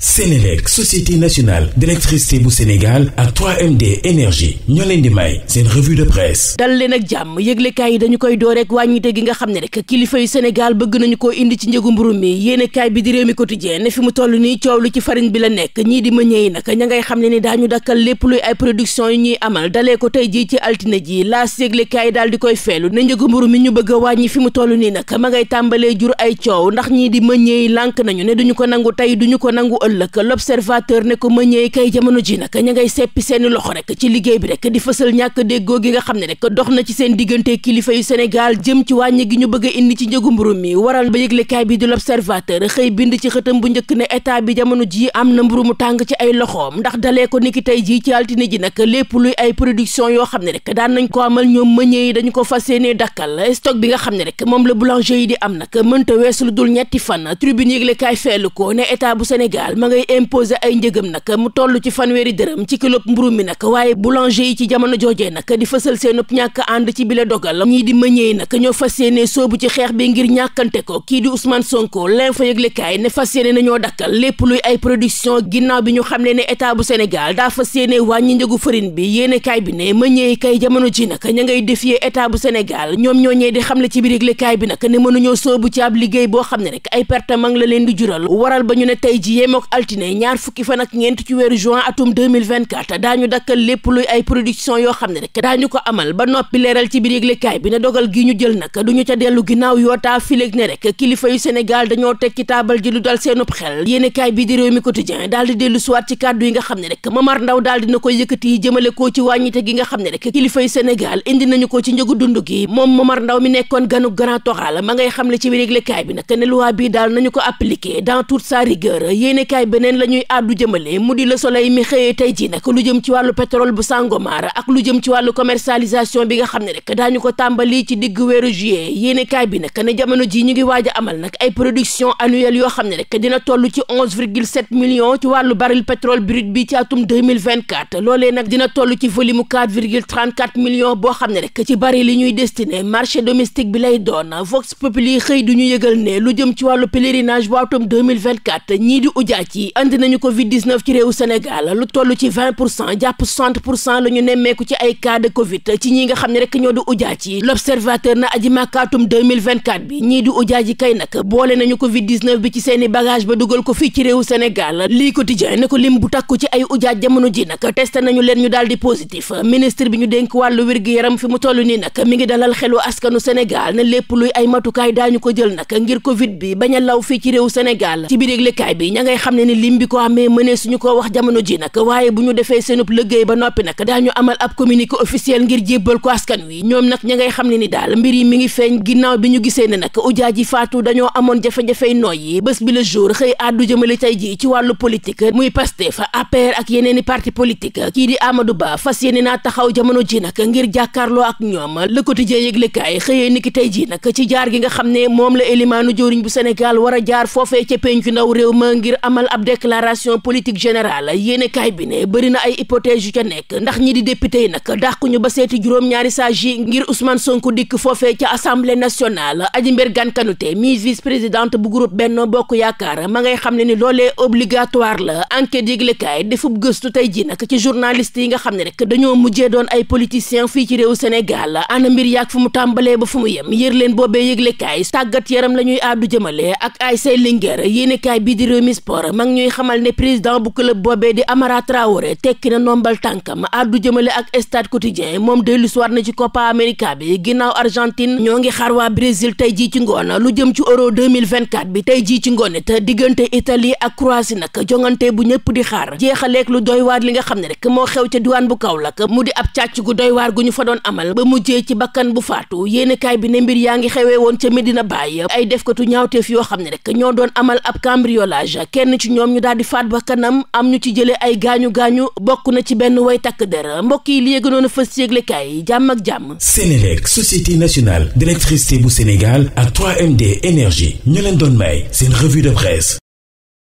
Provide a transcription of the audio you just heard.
Sénélec société nationale d'électricité bu Sénégal ak 3MD énergie ñoo leen di may seen revue de presse dal leen jàmm yëglekaay yi dañu koy door rek wàññite gi nga xam ne rek kilifa yu Sénégal bëgg nañu ko indi ci njëgu mburu mi yéenekaay bi di réew mi quotidien ne fi mu toll nii coow lu ci fariñ bi la nekk ñii di ma yi nag ña ngay xam ne ni daañu dakkal lépp luy ay production yu ñuy amal dale ko tey jii ci altine ji laas yëglekaay yi daal di koy feelu ne njëgu mi ñu bëgg a wàññi fi mu toll nii nag ma ngay tàmbalee jur ay ñii di mëñee lànk nañu ne duñu ko nangu tey duñu ko nangu ëllëg l'observateur ne ko mëñee kay jamono ji nag ña ngay seppi seeni loxo rek ci liggéey bi rek di fësal ñàkk déggoo gi nga xam ne rek dox na ci seen diggante kilifa yu Sénégal jëm ci wàññi gi ñu bëgg a indi ci njëgu mburu mi waral ba yëglekaay bi di l'observateur xëy bind ci xëtam bu njëkk ne état bi jamono ji am na mburu mu tàng ci ay loxoom ndax dalee ko niki tey jii ci altine ji nag lépp luy ay production yoo xam ne rek daan nañ ko amal ñoom mëñee yi dañu ko fas yéenee dakkal stock bi nga xam ne rek moom la boulanger yi di am nag mënta weesu lu dul ñetti fan tribune yëglekaay feelu ko ne état bu Sénégal ma ngay imposer ay njëgam nag mu toll ci fanweeri dërëm ci kilo mburu mi nag waaye boulanger yi ci jamono joojee nag di fësal seen ñàkk ànd ci bile dogal ñii di mëñee nag ñoo fas yéene soobu ci xeex bi ngir ñàkkante ko kii di Ousmane Sonko l'info yëglekaay ne fas yéene nañoo dakkal lépp luy ay production ginnaaw bi ñu xam ne ne état bu Sénégal daa fas wàññi njëgu farine bi yéene kaay bi ne mëñee kay jamono ji nag ña ngay défier état bu Sénégal ñoom ñoo ñee di xam le ci biir yëglekaay bi nag ne mënuñoo soobu ci ab liggéey boo xam ne rek ay man la leen di jural waral ba ñu ne tey ji yemook altine ñaar fukki fan ak ñeent ci weeru juin atum 2024 daañu dakkal lépp luy ay production yoo xam ne rek daañu ko amal ba noppi leeral ci biir yëglekaay bi ne dogal gi ñu jël nag duñu ca dellu ginnaaw yootaa fileeg ne rek kilifa yu Sénégal dañoo teg taabal ji lu dal seenub xel bi di réew mi quotidien daal di dellu suwaat ci kàddu nga xam ne rek Mamar Ndaw daal dina koy yëkkati yi jëmale koo ci wàññite gi nga xam ne rek kilifa yu Sénégal indi nañu ko ci njëgu dund gi moom Mamar Ndaw mi nekkoon ganu grand oral ma ngay xam ne ci biir yëglekaay bi nag ne loi bi daal nañu ko appliquer dans toute sa rigueur yéenekaay yéenekaay beneen la ñuy àddu jëmale mu di Le Soleil mi xëyee tey ji nag lu jëm ci wàllu pétrole bu Sangomar ak lu jëm ci wàllu commercialisation bi nga xam ne rek daañu ko tàmbali ci digg weeru juillet yéenekaay bi nag ne jamono ji ñu ngi waaj a amal nag ay production annuelle yoo xam ne rek dina toll ci onze virgule sept millions ci wàllu baril pétrole brut bi ci atum deux mille dina toll ci volume quatre virgule trente quatre millions boo xam ne rek ci baril li ñuy destiné marché domestique bi lay doon faj yi andi nañu covid 19 ci réew Sénégal lu toll ci 20 pour cent jàpp cent pour cent la ñu nemmeeku ci ay cas de covid ci ñi nga xam ne rek ñoo di ujaaj yi l'observateur na aji màkkaatum 2024 bi ñii di ujaaj yi kay nag boole nañu covid 19 bi ci seeni bagage ba dugal ko fii ci réewu Sénégal lii quotidien ne ko lim bu takku ci ay ujaaj jamono ji nag test nañu leen ñu daal di positif ministre bi ñu dénk wàllu wir gi yaram fi mu toll nii nag mi ngi dalal xelu askanu Sénégal ne lépp luy ay matukaay daañu ko jël nag ngir covid bi bañ a law fii ci réewu Sénégal ci biir bi ña ngay xam ne ni lim bi ko amee mënee ñu ko wax jamono ji nag waaye bu ñu defee seenub liggéey ba noppi nag daañu amal ab communiqué officiel ngir jébbal ko askan wi ñoom nag ña ngay xam ne ni daal mbir yi mi ngi feeñ ginnaaw bi ñu gisee ne nag ujaa ji faatu dañoo amoon jafe-jafey nooy yi bés bi le jour xëy àddu jëmale tey ji ci wàllu politique muy Pastef APR ak yeneeni parti politique kii di amadu Ba fas yéene naa taxaw jamono ji nag ngir jàkkaarloo ak ñoom Le Quotidien yëglekaay xëyee niki tey ji nag ci jaar gi nga xam ne moom la élimaanu jëwriñ bu Sénégal war a jaar foofee ca pencu ndaw réew ma ngir ab déclaration politique général yéene kaay bi ne bëri na ay hypothèse yu ca nekk ndax ñi di député yi nag ñu ba seeti juróom-ñaari sages yi ngir Ousmane Sonko dikk foofee ca assemblée nationale Adji Mbergane Kanouté mise vice présidente bu groupe Benno Bokk Yaakaar ma ngay xam ne ni loolee obligatoire la enquête yëglekaay defub gëstu tey ji nag ci journaliste yi nga xam ne rek dañoo mujjee doon ay politiciens fii ci réew Sénégal ana mbir yàgg fu mu tàmbalee ba fu mu yem yër leen boobee yëglekaay tàggat yaram la ñuy àddu jëmale ak ay say Sarr mag ñuy xamal ne président bu club boobee di Amara Traoré tekki na nombal tànkam àddu jëmale ak stade quotidien moom dellu soir na ci Copa America bi ginnaaw Argentine ñoo ngi xaar waa Brésil tey jii ci ngoon lu jëm ci euro 2024 bi tey jii ci ngoon it diggante Italie ak Croatie nag jongante bu ñëpp di xaar jeexaleeg lu doy waar li nga xam ne rek moo xew ca diwaan bu Kaolack mu di ab càcc gu doy waar gu ñu fa doon amal ba mujjee ci bakkan bu faatu yéenekaay bi ne mbir yaa ngi xewee woon ca Medina Baye ay defkatu ñaawteef yoo xam ne rek ñoo doon amal ab cambriolage ci ñoom ñu daal di faat ba kanam am ñu ci jëlee ay gaañu gaañu bokk na ci benn way takk der mbokk yi li yëgënoon a fës yëglekaay jàmm ak jàmm. Sénélec société nationale d'électricité bu Sénégal ak 3MD énergie ñu leen doon may seen revue de presse.